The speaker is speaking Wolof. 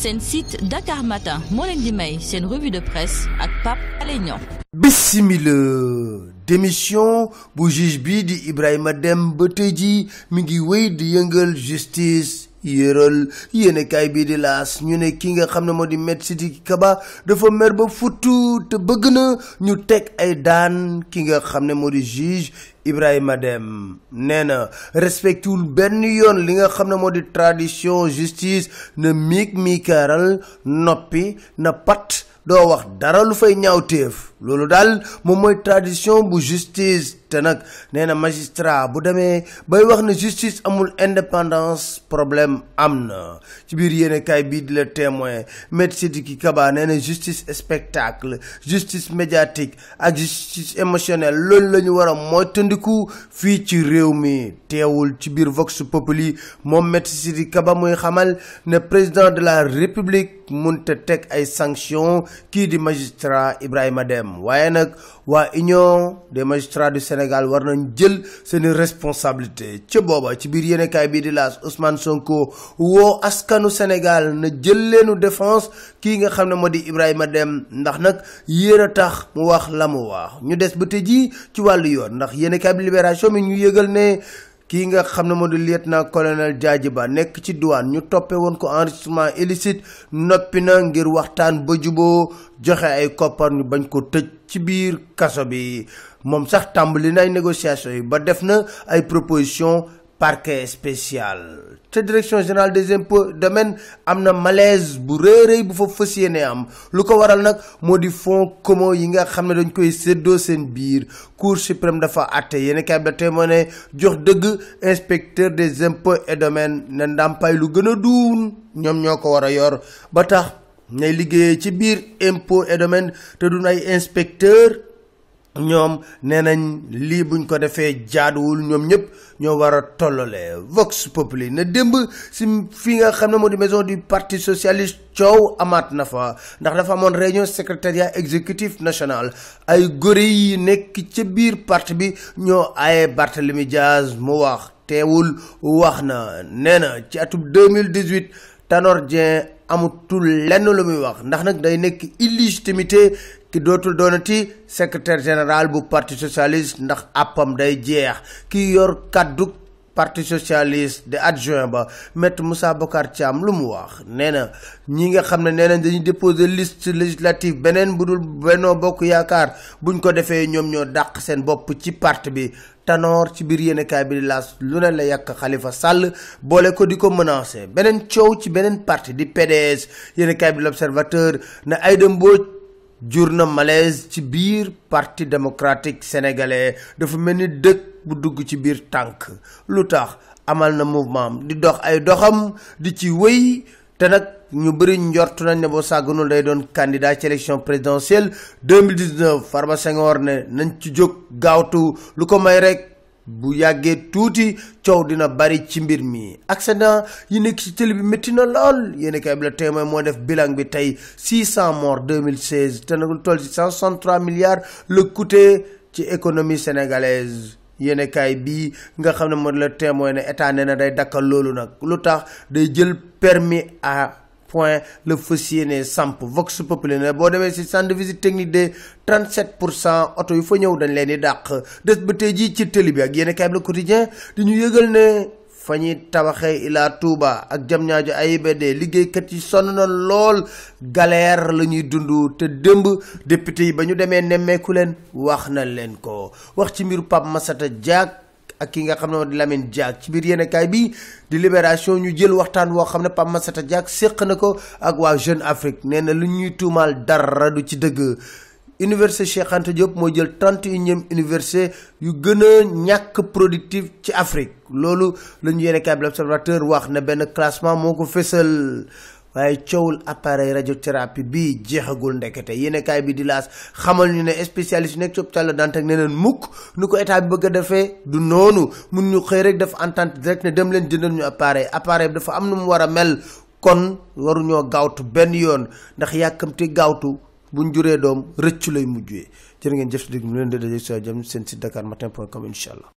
C'est un site Dakar Matin Molen Dimei, c'est may revue de presse à Pape Alé Bissimile, démission bu juge bi di Ibrahima Dème justice yéeral yéenekaay bii di laas ñu ne ki nga xam ne moo di Me Sidiki Kaba dafa mer ba futtu te bëgg na ñu teg ay daan ki nga xam ne moo di juge Ibrahima Dème nee na respectewul benn yoon li nga xam ne moo di tradition justice na miig miikaaral noppi na pat doo wax dara lu fay ñaaw téef loolu daal tradition bu justice te nag nee na magistrat bu demee bay wax justice amul indépendance problème am na ci biir yéenekaay bii di la témoin Maître Kaba nee na justice spectacle justice médiatique ak justice émotionnelle loolu la ñu war a moytandiku fii ci réew mi teewul ci biir Vox Populi moom Maître Kaba muy xamal ne président de la république munte teg ay sanctions kii di magistrat Ibrahima dem n'ak wa waa union des magistrats du Sénégal war nañ jël seeni responsabilité ci booba ci yene kay bi di las Ousmane Sonko wo askanu Sénégal na jël leenu défense ki nga xamne modi moo di Ibrahima Dem ndax n'ak yéen tax mu wax lamu wax ñu dess ba tey ci walu yoon ndax kay bi Libération mi ñu yëgal ne kii nga xam ne moo leet lieutenant colonel Diadji Ba nekk ci duwaan ñu toppe woon ko enrichissement illicite noppi na ngir waxtaan ba juboo joxe ay koppar ñu bañ ko tëj ci biir kaso bi moom sax tàmbali na ay négociations yi ba def na ay proposition parquet spécial te direction générale des impôts domaine am na malaise bu rëy bu fa fas yéene am lu ko waral nag moo di fonds commun yi nga xam ne dañ koy séddoo seen biir cour suprême dafa àtte yéen kay bi da moo jox dëgg inspecteur des impôts et domaines ne ndàmpaay lu gën a duun ñoom ñoo ko war a yor ba tax ñay liggéeyee ci biir impôts et domaines te duñ ay inspecteur ñoom nee nañ lii buñ ko defee jaaduwul ñoom ñëpp ñoo war a tollale Vox Populi na démb si fii nga xam ne moo di maison du parti socialiste coow amaat na fa ndax dafa amoon réunion secrétariat exécutif national ay góre yi nekk ca biir parti bi ñoo aaye Barthélemy Diaz mu wax teewul wax na nee na ci atub 2018 Tanor Dieng amatul lenn lu muy wax ndax nag day nekk illégitimité ki dootul doonati secrétaire général bu parti socialiste ndax àppam day jeex ki yor kàddu partie socialiste de adjoint ba maître Moussa Bocar Thiam lu mu wax nee na ñi nga xam ne nee nañ dañuy déposer liste législative beneen bu dul Benno Bokk Yaakaar buñ ko defee ñoom ñoo dàq seen bopp ci parti bi Tanor ci biir yéenekaay bi laas lu ne la yàq xalifa sàll boole ko di ko menacer beneen coow ci beneen parti di PDS yéenekaay bi l'Observateur na Aïda Mbodj jur na malaise ci biir parti démocratique sénégalais dafa mel ni dëkk bu dugg ci biir tànk lu tax amal na mouvement am di dox ay doxam di ci wéy te nag ñu bëri njort nañ ne boo sàgganul day doon candidat ci élection présidentielle farma Farba Senghor ne nañ ci jóg gaawtu lu ko may rek bu yàggee tuuti coow dina bari ci mbir mi accident yi nekk ci télé bi métti na lool yéeni kay bi la témoin moo def bilan bi tey 600 morts 2016 te nagul toll ci 163 milliards le coûté ci économie sénégalaise yéeni bi nga xam ne moo la témoin ne état nee na day dakkal loolu nag lu tax day jël permis à point le fas yéene samp Vox Populi ne boo demee si centre de technique de 37 pour cent oto yu fa ñëw dañ leen di dàq des ba tey jii ci télé bi ak yéen kaay bi le quotidien di ñu yëgal ne. fa ñuy tabaxee ilaa Touba ak jam ay AIBD liggéeykat yi sonn na lool galère la ñuy dund te dëmb député yi ba ñu demee nemmeeku leen wax na leen ko wax ci mbiru Pape masata jaag ak ki nga xam ne moo di ci biir yéenekaay bi di Libération ñu jël waxtaan woo xam ne Pape Massata Diack séq na ko ak waa Jeune Afrique nee na lu ñuy tuumaal dara du ci dëgg. Université Cheikh Anta moo jël trente et unième université yu gën a ñàkk productif ci Afrique loolu la ñu yéenekaay bi L'Observateur waax na benn classement moo ko fésal. waaye coowul appareil radiothérapie bi jeexagul ndekete yéenekaay bi di laas xamal ñu ne spécialiste yu nekk ci hôpital Le Dantec ne neen mukk nu ko état bi bëgg a defee du noonu mun ñu xëy rek dafa entante direct ne dem leen jëndal ñu appareil appareil bi dafa am nu mu war a mel kon waru ñoo gaawtu benn yoon ndax yàkkamti gaawtu buñ juree doom rëccu lay mujjee jërë ngeen jëf si dégg mu leen di daje sa jëm seen site dakar matin point com incha allah